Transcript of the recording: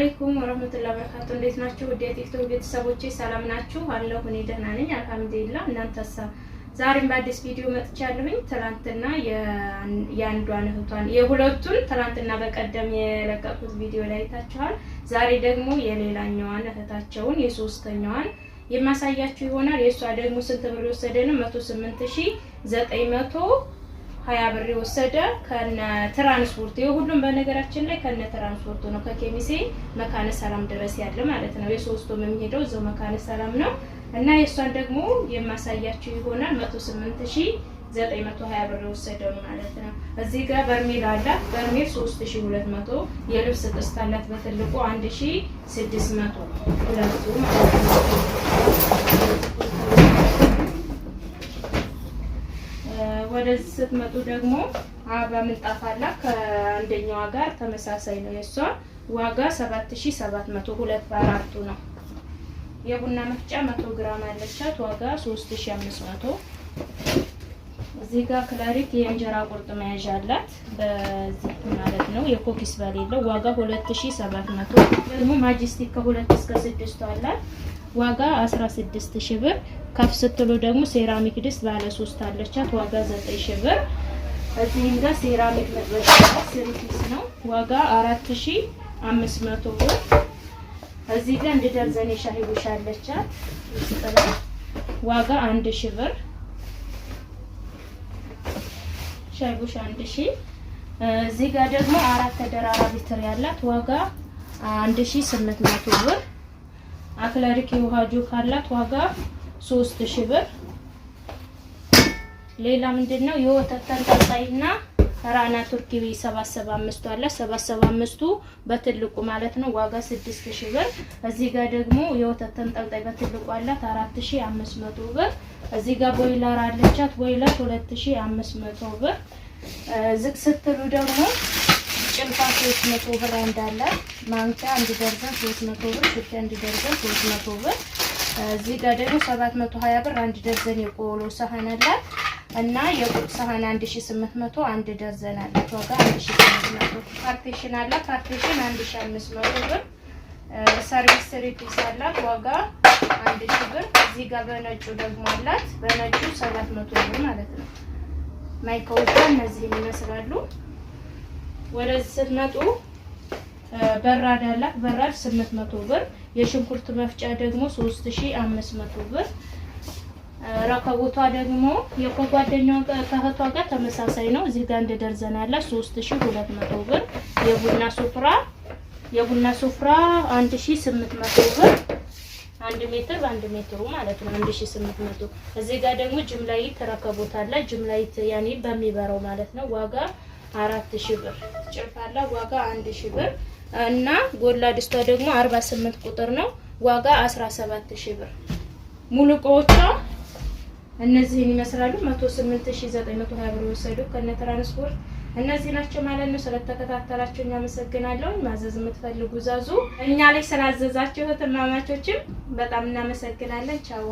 አለይኩም ወረህመቱላሂ በረካቱ እንዴት ናችሁ? ወደ ቲክቶክ ቤተሰቦቼ ሰላም ናችሁ? አለሁ እኔ ደህና ነኝ አልሐምዱሊላህ። እናንተሳ? ዛሬም በአዲስ ቪዲዮ መጥቻለሁኝ። ትናንትና የአንዷን እህቷን የሁለቱን ትናንትና በቀደም የለቀቁት ቪዲዮ ላይ ታችኋል። ዛሬ ደግሞ የሌላኛዋን እህታቸውን የሶስተኛዋን የማሳያችሁ ይሆናል። የእሷ ደግሞ ስንት ብር የወሰደ ነው? መቶ ስምንት ሺህ ዘጠኝ መቶ ሀያ ብር የወሰደ ከነ ትራንስፖርት ሁሉም በነገራችን ላይ ከነ ትራንስፖርቱ ነው። ከኬሚሴ መካነ ሰላም ድረስ ያለ ማለት ነው። የሶስቱም የሚሄደው እዛው መካነ ሰላም ነው እና የእሷን ደግሞ የማሳያችው ይሆናል መቶ ስምንት ሺ ዘጠኝ መቶ ሀያ ብር የወሰደው ማለት ነው። እዚህ ጋር በርሜል አላት። በርሜል ሶስት ሺ ሁለት መቶ የልብስ ቅስት አላት። በትልቁ አንድ ሺ ስድስት መቶ ሁለቱ ማለት ነው ወደዚህ ስትመጡ ደግሞ አበባ ምንጣፍ አላት። ከአንደኛዋ ጋር ተመሳሳይ ነው። የእሷ ዋጋ 7700 ሁለት በአራቱ ነው። የቡና መፍጫ 100 ግራም አለቻት ዋጋ 3500። እዚህ ጋር ክላሪት የእንጀራ ቁርጥ መያዣ አላት። በዚህ ማለት ነው የኮኪስ ባል የለው ዋጋ 2700። ደግሞ ማጅስቲክ ከሁለት እስከ ስድስቱ አላት ዋጋ 16 ሺህ ብር። ከፍ ስትሉ ደግሞ ሴራሚክ ድስት ባለ 3 አለቻት ዋጋ 9 ሺህ ብር። እዚህም ጋር ሴራሚክ መጥበሻ ስሪፒስ ነው ዋጋ 4500 ብር። እዚህ ጋር እንደ ደርዘን የሻሂ ቡሻ አለቻት ዋጋ 1000 ብር። ሻሂ ጉሽ 1000 እዚህ ጋር ደግሞ አራት ተደራራቢ ትሪ ያላት ዋጋ 1800 ብር አክለሪክ የውሃ ጆክ አላት ዋጋ 3000 ብር። ሌላ ምንድነው ነው የወተት ተንጠልጣይና ራና ቱርኪ 775 አለ 775 በትልቁ ማለት ነው ዋጋ 6000 ብር። እዚህ ጋር ደግሞ የወተት ተንጠልጣይ በትልቁ አላት 4500 ብር። እዚህ ጋር ቦይለር አለቻት ቦይለር 2500 ብር። ዝቅ ስትሉ ደግሞ ጭልፋ 300 መቶ ብር እንዳለ ማንኪያ አንድ ደርዘን 300 ብር ሽታ አንድ ደርዘን 300 ብር። እዚህ ጋር ደግሞ 720 ብር አንድ ደርዘን የቆሎ ሳህን አለ እና የቁጥ ሳህን 1800 አንድ ደርዘን አለ ቶጋ 1800 ፓርቴሽን አለ ፓርቴሽን 1500 ብር። ሰርቪስ ሪፒስ አላት ዋጋ አንድ ሺ ብር። እዚህ ጋር በነጩ ደግሞ አላት በነጩ ሰባት መቶ ብር ማለት ነው። ማይካዎቿ እነዚህን ይመስላሉ። ወደዚህ ስትመጡ በራድ አላት። በራድ 800 ብር፣ የሽንኩርት መፍጫ ደግሞ 3500 ብር። ረከቦቷ ደግሞ የጓደኛዋ ከእህቷ ጋር ተመሳሳይ ነው። እዚህ ጋር እንደ ደርዘን አላት 3200 ብር። የቡና ሱፍራ የቡና ሱፍራ 1800 ብር አንድ ሜትር በአንድ ሜትሩ ማለት ነው 1800። እዚህ ጋር ደግሞ ጅምላይት ረከቦት አላት። ጅምላይት ያኔ በሚበራው ማለት ነው ዋጋ አራት ሺ ብር ጭልፋላ ዋጋ አንድ ሺ ብር እና ጎላ ድስቷ ደግሞ አርባ ስምንት ቁጥር ነው ዋጋ አስራ ሰባት ሺ ብር። ሙሉ እቃዎቿ እነዚህን ይመስላሉ። መቶ መቶ ስምንት ሺ ዘጠኝ ሀያ ብር የወሰዱ ከነ ትራንስፖርት እነዚህ ናቸው ማለት ነው። ስለተከታተላችሁ እናመሰግናለሁ። ማዘዝ የምትፈልጉ ዛዙ። እኛ ላይ ስላዘዛችሁ እህትማማቾችም በጣም እናመሰግናለን። ቻው